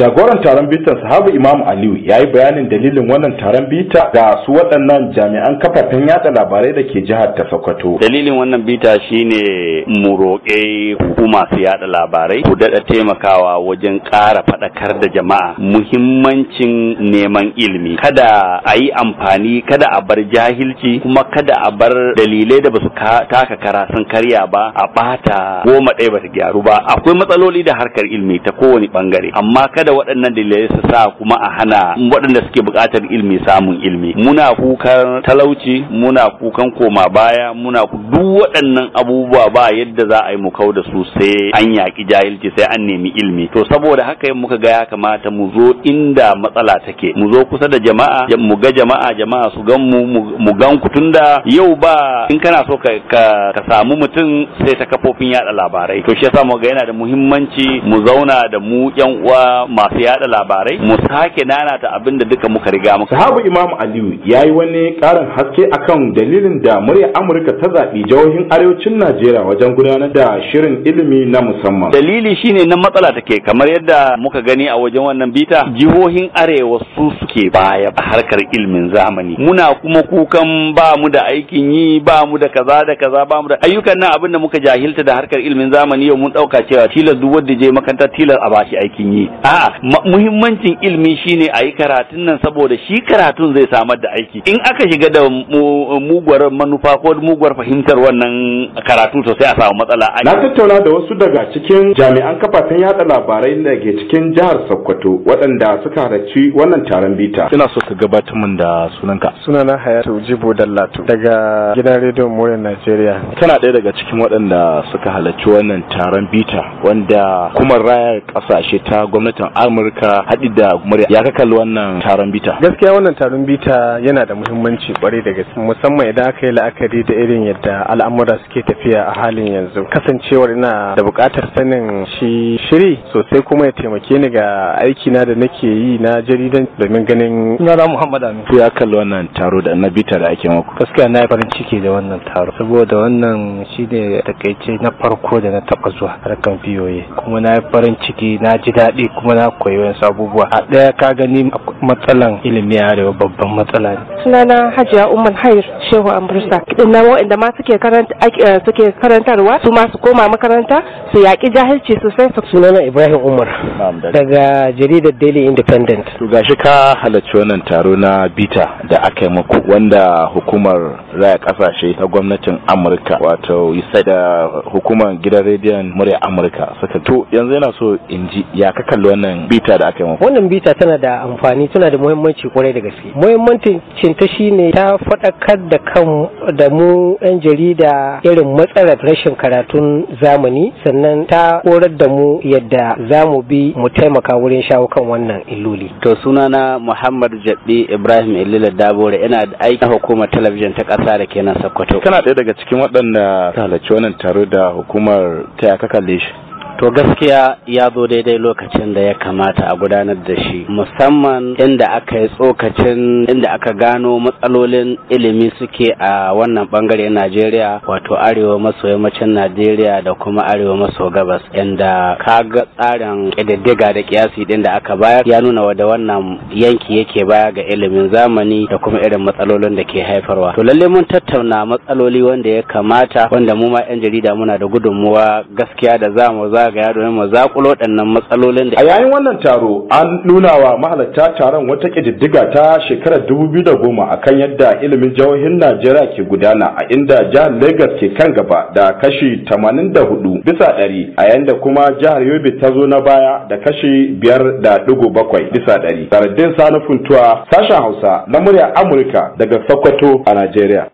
jagoran taron bitar sahabu imam aliyu ya yi bayanin dalilin wannan taron bita ga su waɗannan jami'an kafafen yada labarai da ke jihar ta sokoto dalilin wannan bita shine mu roƙe hukuma su yada labarai ku daɗa taimakawa wajen ƙara faɗakar da jama'a muhimmancin neman ilimi kada a yi amfani kada a bar jahilci kuma kada a bar dalilai da ba su taka kara sun karya ba a ɓata goma ɗaya bata gyaru ba akwai matsaloli da harkar ilimi ta kowane ɓangare amma kada da waɗannan dalilai su sa kuma a hana waɗanda suke buƙatar ilmi samun ilmi muna kukan talauci muna kukan koma baya muna duk waɗannan abubuwa ba yadda za a yi mu kau da su sai an yaƙi jahilci sai an nemi ilmi to saboda haka yin muka ga ya kamata mu zo inda matsala take mu zo kusa da jama'a mu ga jama'a jama'a su gan mu mu gan ku tunda yau ba in kana so ka ka samu mutum sai ta kafofin yaɗa labarai to shi yasa mu ga yana da muhimmanci mu zauna da mu yan uwa masu yada labarai mu sake nanata abin da duka muka riga muka sahabu imamu aliyu yayi wani karin haske akan dalilin da murya amurka ta zaɓi jihohin arewacin najeriya wajen gudanar da shirin ilimi na musamman dalili shine nan matsala take kamar yadda muka gani a wajen wannan bita jihohin arewa su suke baya a harkar ilimin zamani muna kuma kukan ba mu da aikin yi ba mu da kaza da kaza ba mu da ayyukan nan abin da muka jahilta da harkar ilimin zamani yau mun dauka cewa tilas duk wanda je makaranta tilas a bashi aikin yi a muhimmancin ilmi shine a yi karatun nan saboda shi karatun zai samar da aiki in aka shiga da muguwar manufa ko muguwar fahimtar wannan karatu to sai a samu matsala na tattauna da wasu daga cikin jami'an kafafen yada labarai da ke cikin jihar Sokoto waɗanda suka halarci wannan taron bita ina so ka gabatar min da sunanka sunana Hayatu Jibo Dallatu daga gidan rediyo More Nigeria kana ɗaya daga cikin waɗanda suka halarci wannan taron bita wanda kuma raya ƙasashe ta gwamnatin amurka haɗi da murya ya ka kalli wannan taron bita gaskiya wannan taron bita yana da muhimmanci kwarai da gaske musamman idan aka yi la'akari da irin yadda al'amura suke tafiya a halin yanzu kasancewar ina da bukatar sanin shi shiri sosai kuma ya taimake ni ga aiki na da nake yi na jaridan domin ganin da muhammad amin ya kalli wannan taro da na bita da ake maku gaskiya na yi farin ciki da wannan taro saboda wannan shine takaice na farko da na taɓa zuwa harkan biyoyi kuma na yi farin ciki na ji daɗi kuma na koyi wasu abubuwa a ɗaya ka gani matsalan ilimi arewa babban matsala ne sunana hajiya umar hayir shehu Amrusa. na wa'anda ma suke eh, suke karantarwa su ma su koma makaranta su yaƙi jahilci sosai su sunana ibrahim umar daga jaridar daily independent to gashi ka halarci wannan taro na bita da aka yi muku wanda hukumar raya kasashe ta gwamnatin amurka wato usaid da uh, hukumar gidan rediyon murya amurka suka to yanzu yana so in ji ya ka kalli wannan bita da aka yi muku wannan bita tana da amfani tana da muhimmanci kwarai da gaske muhimmancin cinta shine ta faɗakar da kan da mu 'yan jarida irin matsalar rashin karatun zamani sannan ta korar da mu yadda za mu bi mu taimaka wurin shawo kan wannan illoli. To suna na Muhammad Jabbi Ibrahim Ilila Dabore ina aiki hukumar talabijin ta ƙasa da kenan Sokoto. Kana ɗaya daga cikin waɗanda halarci wannan taro da hukumar ta kalle shi. to gaskiya ya zo daidai lokacin da ya kamata a gudanar da shi musamman inda aka yi tsokacin inda aka gano matsalolin ilimi suke a wannan bangare najeriya wato arewa maso yammacin najeriya da kuma arewa maso gabas inda kaga tsarin ƙididdiga da kiyasi din da aka bayar ya nuna wa da wannan yanki yake baya ga ilimin zamani da kuma irin matsalolin da ke haifarwa to lalle mun tattauna matsaloli wanda ya kamata wanda mu ma 'yan jarida muna da gudunmuwa gaskiya da za mu za ga yaro mazakulo ɗannan matsalolin da a yayin wannan taro an nuna wa mahalarta taron wata ƙididdiga ta shekarar goma akan yadda ilimin jihohin Najeriya ke gudana a inda jihar Lagos ke kan gaba da kashi 84% bisa ɗari, a yanda kuma jihar Yobe ta zo na baya da kashi 57% da bakwai bisa ɗari. Sani Sanufuntuwa sashen Hausa na murya Amurka daga Sokoto a Najeriya.